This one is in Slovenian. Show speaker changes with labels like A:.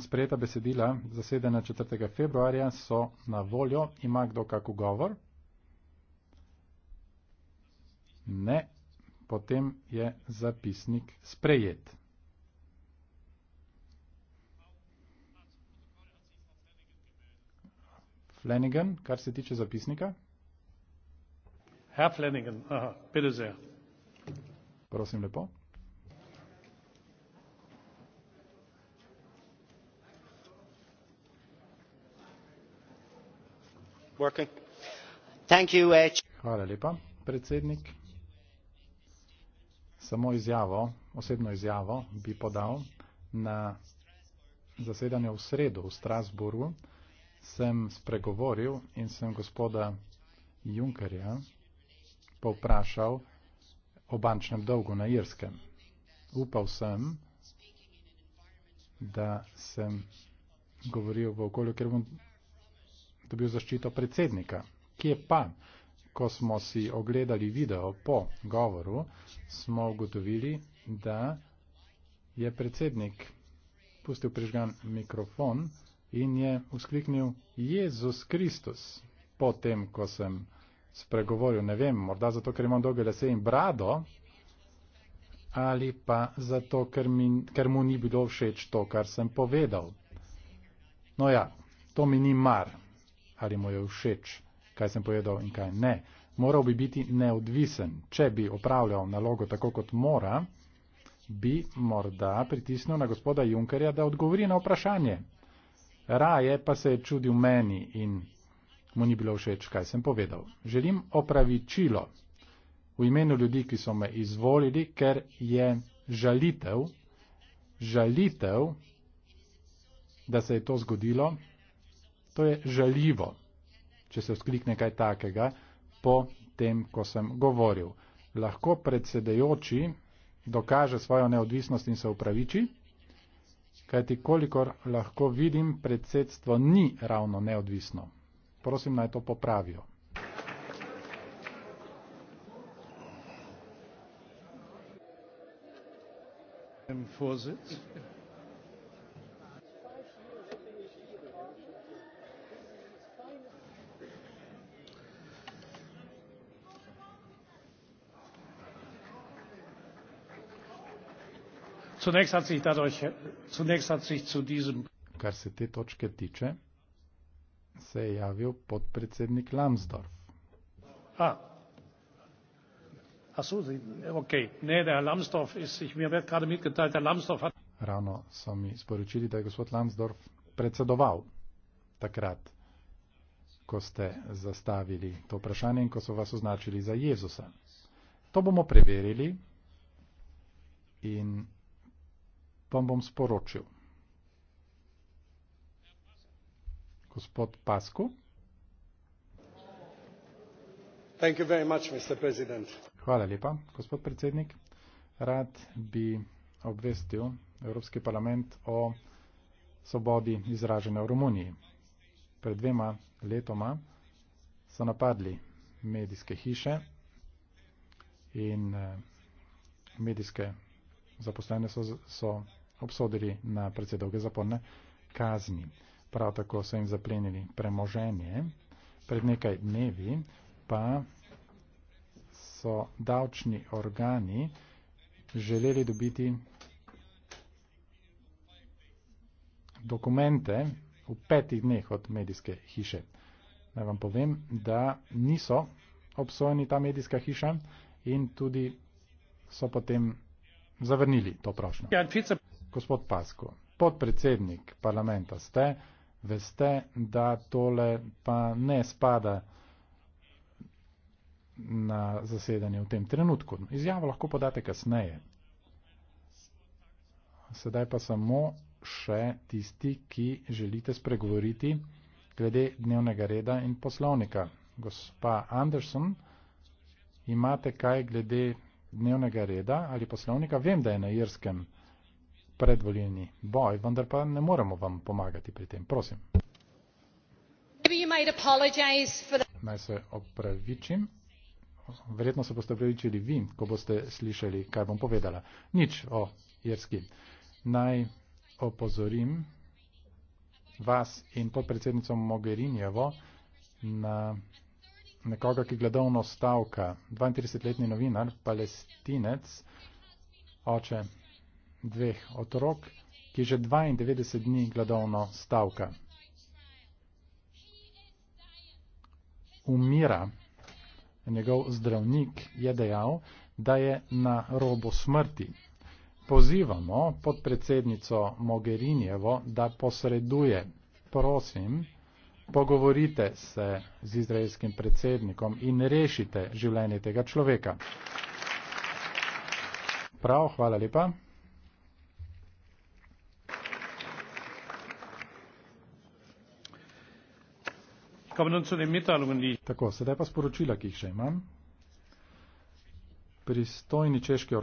A: sprejeta besedila zasedena 4. februarja so na voljo. Ima kdo kak ugovor? Ne. Potem je zapisnik sprejet. Flanagan, kar se tiče zapisnika. Herr Flanagan, bitte sehr. Prosim lepo. Uh, hvala lepa predsednik samo izjavo osebno izjavo bi podal na zasedanju v sredo v strasburgu sem spregovoril in sem gospoda junkerja povprašal o bančnem dolgu na irskem upal sem da sem govoril v okolju, ker bom dobil zaščito predsednika. Kje pa, ko smo si ogledali video po govoru, smo ugotovili, da je predsednik pustil prižgan mikrofon in je uskliknil Jezus Kristus, potem, ko sem spregovoril, ne vem, morda zato, ker imam dolge lase in brado, ali pa zato, ker, mi, ker mu ni bilo všeč to, kar sem povedal. No ja, to mi ni mar ali mu je všeč, kaj sem povedal in kaj ne. Moral bi biti neodvisen. Če bi opravljal nalogo tako, kot mora, bi morda pritisnil na gospoda Junkerja, da odgovori na vprašanje. Raje pa se je čudil meni in mu ni bilo všeč, kaj sem povedal. Želim opravičilo v imenu ljudi, ki so me izvolili, ker je žalitev, žalitev, da se je to zgodilo. To je žaljivo, če se vzklik nekaj takega, po tem, ko sem govoril. Lahko predsedajoči dokaže svojo neodvisnost in se upraviči, kajti kolikor lahko vidim, predsedstvo ni ravno neodvisno. Prosim, naj to popravijo. Vsem vsem. Kar se te točke tiče, se je javil podpredsednik Lambsdorff. A. Ah. A so, ok, ne, da je Lambsdorff, jih mi je več krat mitkal, da je Lambsdorff. Ravno so mi sporočili, da je gospod Lambsdorff predsedoval takrat, ko ste zastavili to vprašanje in ko so vas označili za Jezusa. To bomo preverili in vam bom sporočil. Gospod Pasku. Hvala lepa, gospod predsednik. Rad bi obvestil Evropski parlament o svobodi izražanja v Romuniji. Pred dvema letoma so napadli medijske hiše in eh, medijske zaposlene so, so obsodili na precej dolge zaporne kazni. Prav tako so jim zaplenili premoženje. Pred nekaj dnevi pa so davčni organi želeli dobiti dokumente v petih dneh od medijske hiše. Naj vam povem, da niso obsojeni ta medijska hiša in tudi so potem zavrnili to prošnjo. Ja, Gospod Pasko, podpredsednik parlamenta ste, veste, da tole pa ne spada na zasedanje v tem trenutku. Izjavo lahko podate kasneje. Sedaj pa samo še tisti, ki želite spregovoriti glede dnevnega reda in poslovnika. Gospa Anderson, imate kaj glede dnevnega reda ali poslovnika? Vem, da je na irskem predvoljeni boj, vendar pa ne moremo vam pomagati pri tem. Prosim. Naj se opravičim. Verjetno se boste opravičili vi, ko boste slišali, kaj bom povedala. Nič o Jerski. Naj opozorim vas in podpredsednico Mogherinjevo na nekoga, ki gledovno stavka. 32-letni novinar, palestinec, oče dveh otrok, ki že 92 dni gladovno stavka. Umira. Njegov zdravnik je dejal, da je na robu smrti. Pozivamo podpredsednico Mogherinjevo, da posreduje. Prosim, pogovorite se z izraelskim predsednikom in rešite življenje tega človeka. Prav, hvala lepa. Tako, sedaj pa sporočila, ki jih še imam. Pristojni češki organ je v petek sporočil, da je v Češki državi zaradi požara v dvorani Škofja Loka v Ljubljani